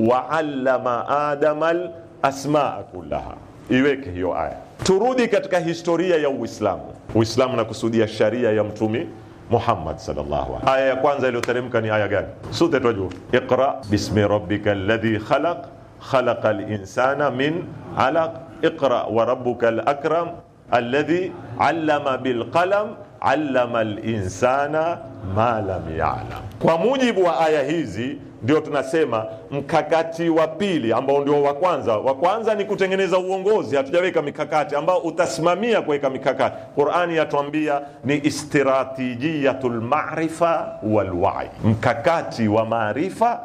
[SPEAKER 3] Waallama adama alasmaa kullaha. Iweke hiyo aya Turudi katika historia ya Uislamu. Uislamu nakusudia sharia ya Mtume Muhammad sallallahu alaihi wasallam. Aya ya kwanza iliyoteremka ni aya gani? Sote twajua, iqra bismi rabbika alladhi khalaq khalaqa linsana min alaq iqra wa rabbuka lakram alladhi allama bilqalam allama linsana ma lam yalam. Kwa mujibu wa aya hizi, ndio tunasema mkakati wa pili ambao ndio wa kwanza. Wa kwanza ni kutengeneza uongozi, hatujaweka mikakati ambao utasimamia kuweka mikakati. Qurani yatuambia ni istiratijiyatul lmarifa walwai, mkakati wa maarifa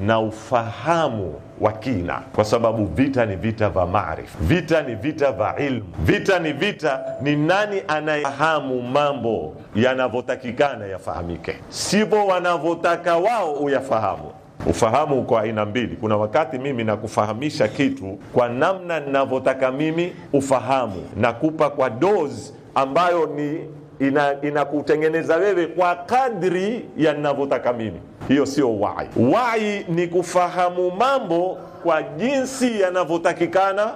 [SPEAKER 3] na ufahamu wa kina, kwa sababu vita ni vita vya maarifa, vita ni vita vya ilmu, vita ni vita, ni nani anayefahamu mambo yanavyotakikana yafahamike, sivyo wanavyotaka wao uyafahamu. Ufahamu uko aina mbili. Kuna wakati mimi nakufahamisha kitu kwa namna ninavyotaka mimi ufahamu, nakupa kwa dozi ambayo ni inakutengeneza ina wewe kwa kadri ya ninavyotaka mimi. Hiyo sio wai. Wai ni kufahamu mambo kwa jinsi yanavyotakikana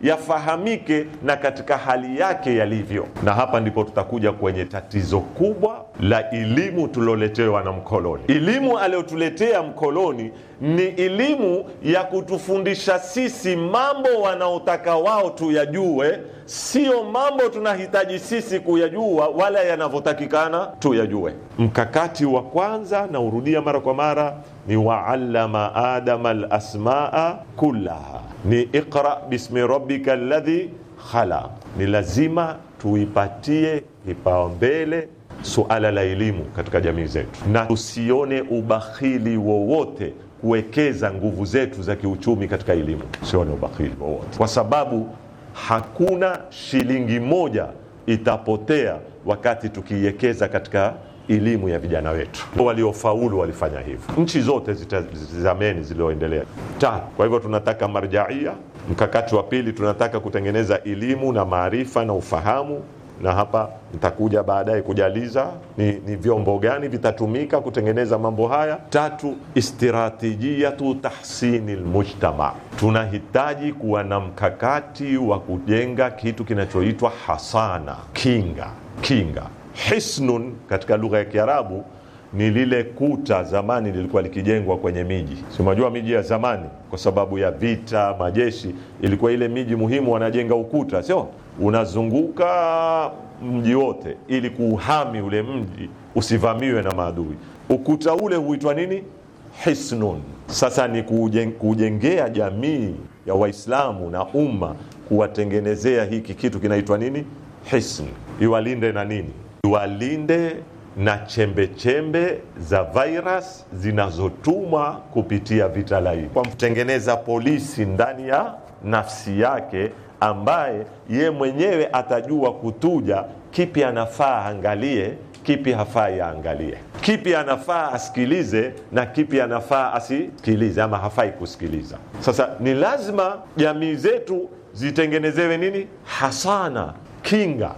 [SPEAKER 3] yafahamike na katika hali yake yalivyo. Na hapa ndipo tutakuja kwenye tatizo kubwa la elimu tuloletewa na mkoloni. Elimu aliyotuletea mkoloni ni elimu ya kutufundisha sisi mambo wanaotaka wao tuyajue, sio mambo tunahitaji sisi kuyajua wala yanavyotakikana tuyajue. Mkakati wa kwanza naurudia mara kwa mara ni waallama adama alasmaa kullaha ni iqra bismi rabbika alladhi khala Ni lazima tuipatie kipaumbele suala la elimu katika jamii zetu, na tusione ubakhili wowote kuwekeza nguvu zetu za kiuchumi katika elimu. Usione ubakhili wowote, kwa sababu hakuna shilingi moja itapotea wakati tukiiwekeza katika elimu ya vijana wetu. Waliofaulu walifanya hivyo, nchi zote zitazameni zilioendelea. Tatu, kwa hivyo tunataka marjaia. Mkakati wa pili, tunataka kutengeneza elimu na maarifa na ufahamu na hapa nitakuja baadaye kujaliza ni, ni vyombo gani vitatumika kutengeneza mambo haya. Tatu, istiratijiyatu tahsini lmujtama, tunahitaji kuwa na mkakati wa kujenga kitu kinachoitwa hasana, kinga kinga Hisnun katika lugha ya Kiarabu ni lile kuta zamani lilikuwa likijengwa kwenye miji, si unajua miji ya zamani, kwa sababu ya vita, majeshi, ilikuwa ile miji muhimu wanajenga ukuta, sio unazunguka mji wote ili kuuhami ule mji usivamiwe na maadui. Ukuta ule huitwa nini? Hisnun. Sasa ni kujengea jamii ya Waislamu na umma, kuwatengenezea hiki kitu kinaitwa nini? Hisn, iwalinde na nini tuwalinde na chembechembe -chembe za virus zinazotumwa kupitia vita laini, kwa kutengeneza polisi ndani ya nafsi yake ambaye ye mwenyewe atajua kutuja kipi anafaa aangalie, kipi hafaa yaangalie, kipi anafaa asikilize na kipi anafaa asikilize ama hafai kusikiliza. Sasa ni lazima jamii zetu zitengenezewe nini hasana kinga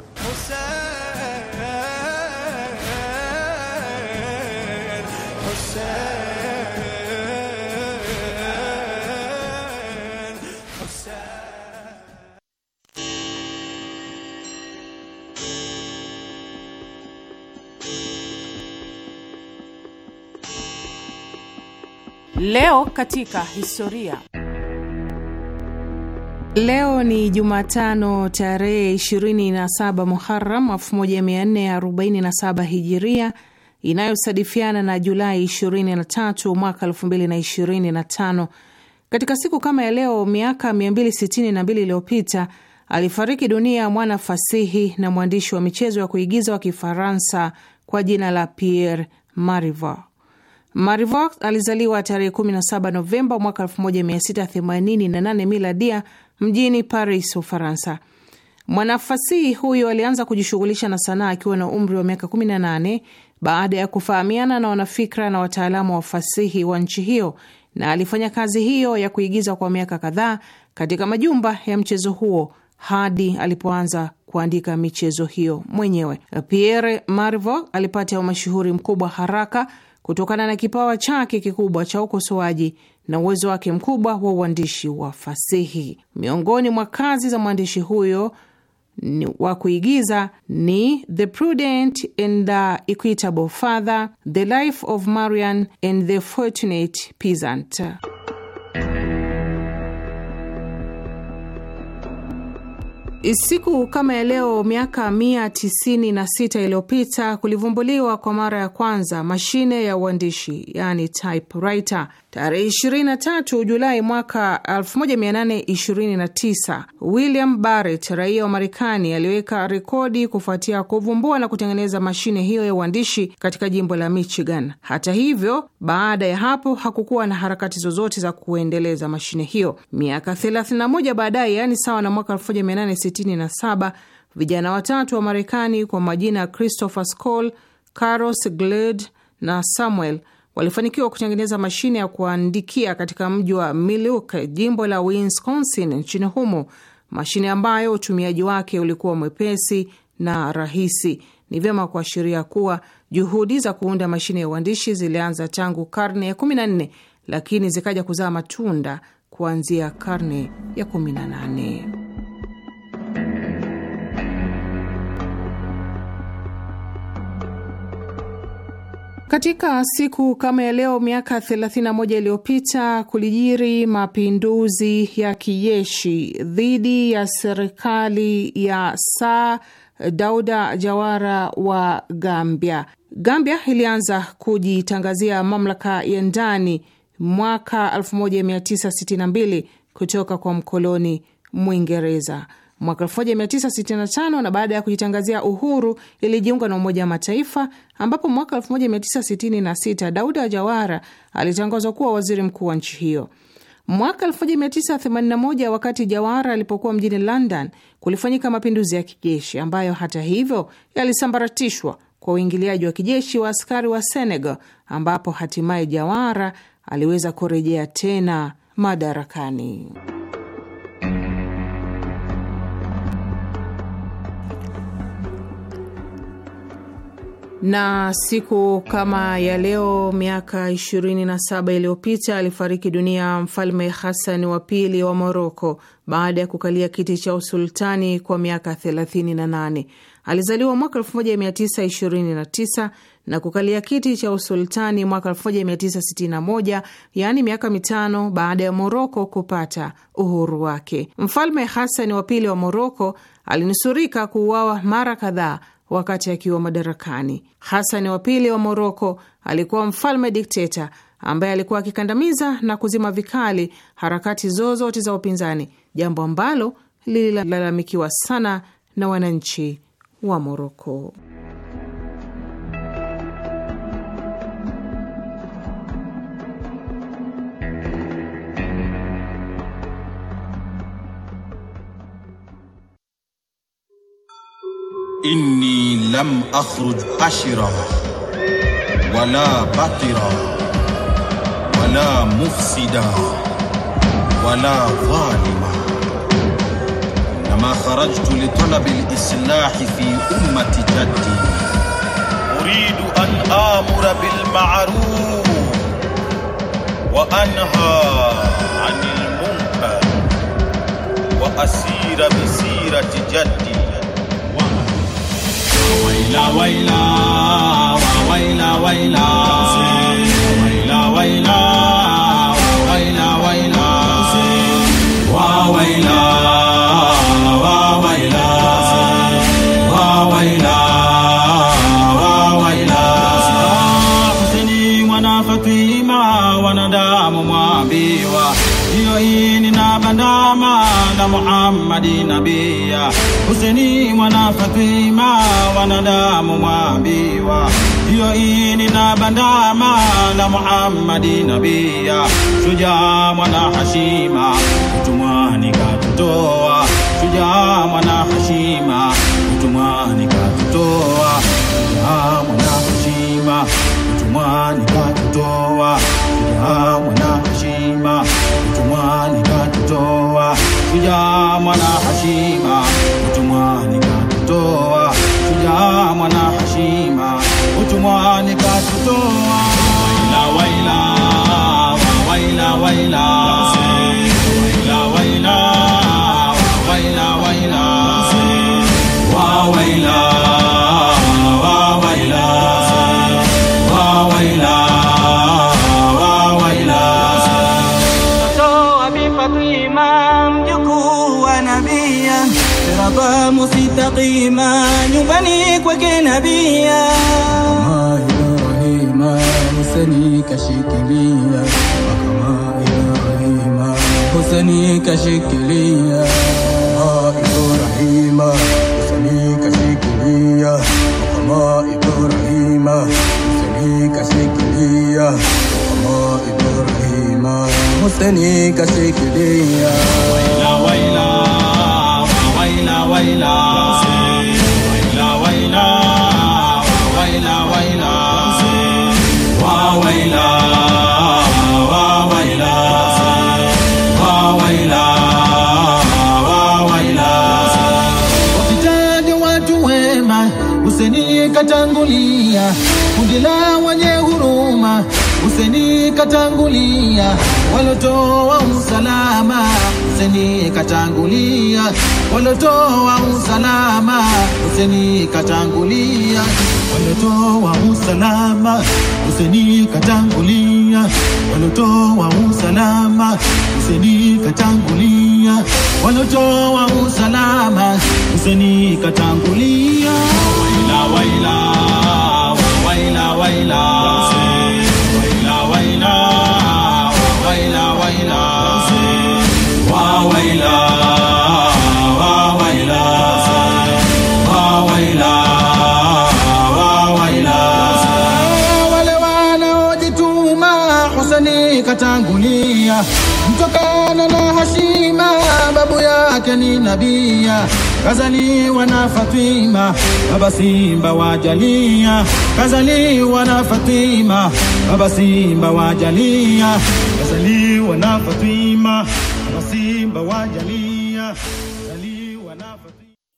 [SPEAKER 4] Leo katika historia. Leo ni Jumatano tarehe 27 muharam 1447 Hijiria inayosadifiana na Julai 23 mwaka 2025. Katika siku kama ya leo miaka 262 iliyopita alifariki dunia mwana fasihi na mwandishi wa michezo ya kuigiza wa Kifaransa kwa jina la Pierre Marivaux. Marivaux alizaliwa tarehe 17 Novemba mwaka 1688 miladia mjini Paris, Ufaransa. Mwanafasihi huyo alianza kujishughulisha na sanaa akiwa na umri wa miaka 18 baada ya kufahamiana na wanafikra na wataalamu wa fasihi wa nchi hiyo, na alifanya kazi hiyo ya kuigiza kwa miaka kadhaa katika majumba ya mchezo huo hadi alipoanza kuandika michezo hiyo mwenyewe. Pierre Marivaux alipata umashuhuri mkubwa haraka kutokana na kipawa chake kikubwa cha ukosoaji na uwezo wake mkubwa wa uandishi wa fasihi. Miongoni mwa kazi za mwandishi huyo wa kuigiza ni The Prudent and the Equitable Father, The Life of Marian and The Fortunate Peasant. Siku kama ya leo miaka sita iliyopita kulivumbuliwa kwa mara ya kwanza mashine ya uandishi, yani typewriter. Tarehe 23 Julai mwaka 1829 William Barrett, raia wa Marekani, aliweka rekodi kufuatia kuvumbua na kutengeneza mashine hiyo ya uandishi katika jimbo la Michigan. Hata hivyo, baada ya hapo hakukuwa na harakati zozote za kuendeleza mashine hiyo. Miaka 31 baadaye, yaani sawa na mwaka 1867, vijana watatu wa Marekani kwa majina ya Christopher Scholl, Carlos Glad na Samuel walifanikiwa kutengeneza mashine ya kuandikia katika mji wa Milwaukee, jimbo la Wisconsin nchini humo, mashine ambayo utumiaji wake ulikuwa mwepesi na rahisi. Ni vyema kuashiria kuwa juhudi za kuunda mashine ya uandishi zilianza tangu karne ya 14 lakini zikaja kuzaa matunda kuanzia karne ya 18. Katika siku kama ya leo miaka 31 iliyopita kulijiri mapinduzi ya kijeshi dhidi ya serikali ya Saa Dauda Jawara wa Gambia. Gambia ilianza kujitangazia mamlaka ya ndani mwaka 1962 kutoka kwa mkoloni Mwingereza. Mwaka 1965 na baada ya kujitangazia uhuru ilijiunga na Umoja wa Mataifa, ambapo mwaka 1966 Dauda Jawara alitangazwa kuwa waziri mkuu wa nchi hiyo. Mwaka 1981 wakati Jawara alipokuwa mjini London, kulifanyika mapinduzi ya kijeshi ambayo hata hivyo yalisambaratishwa kwa uingiliaji wa kijeshi wa askari wa Senegal, ambapo hatimaye Jawara aliweza kurejea tena madarakani. na siku kama ya leo miaka 27 iliyopita alifariki dunia mfalme Hasani wa pili wa Moroko baada ya kukalia kiti cha usultani kwa miaka 38. Alizaliwa mwaka 1929 na kukalia kiti cha usultani mwaka 1961, yaani miaka mitano baada ya Moroko kupata uhuru wake. Mfalme Hasani wa pili wa Moroko alinusurika kuuawa mara kadhaa wakati akiwa madarakani. Hasan wa pili wa Moroko alikuwa mfalme dikteta ambaye alikuwa akikandamiza na kuzima vikali harakati zozote za upinzani, jambo ambalo lililalamikiwa sana na wananchi wa Moroko.
[SPEAKER 5] إني لم أخرج بشرا ولا بطرا ولا مفسدا ولا ظالما إنما خرجت لطلب الإصلاح في أمة جدي أريد أن آمر بالمعروف وأنهى عن المنكر وأسير بسيرة جدي ويلا ويلا ويلا ويلا ويلا ويلا ويلا ويلا وويلا وويلا وويلا وويلا حسني وانا خطيما وانا دام ما بيوا يوين نابنا ما محمدين Useni mwana Fatima, wanadamu mwambiwa hiyo ini na bandama na Muhammadi nabia, shujaa mwana hashima, utumwani katutoa shujaa katika siku dia waila waila waila waila waila waila waila waila waila waila waila waila katangulia kundi wanye huruma useni katangulia walotoa Huseni katangulia, walotoa usalama. Huseni katangulia, walotoa usalama. Huseni katangulia, walotoa usalama. Huseni katangulia, walotoa usalama. Huseni katangulia, waila waila waila waila kazaliwa na Fatima, baba Simba wajalia, kazaliwa na Fatima, baba Simba wajalia, kazaliwa na Fatima, baba Simba wajalia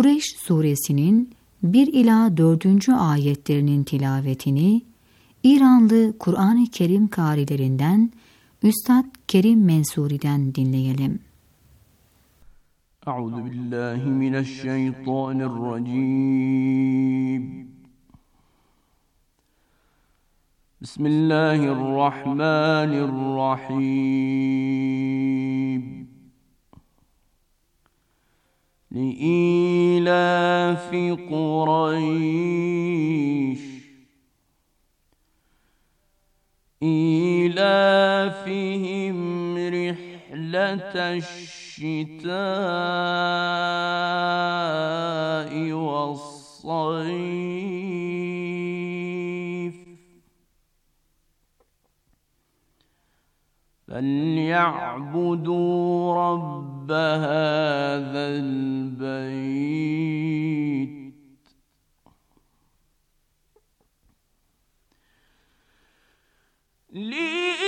[SPEAKER 5] Kureyş suresinin 1 ila 4. ayetlerinin tilavetini İranlı Kur'an-ı Kerim karilerinden Üstad Kerim Mensuri'den dinleyelim.
[SPEAKER 6] Euzu billahi mineşşeytanirracim. Bismillahirrahmanirrahim. لإيلاف قريش إيلافهم رحلة الشتاء فليعبدوا رب هذا البيت ليه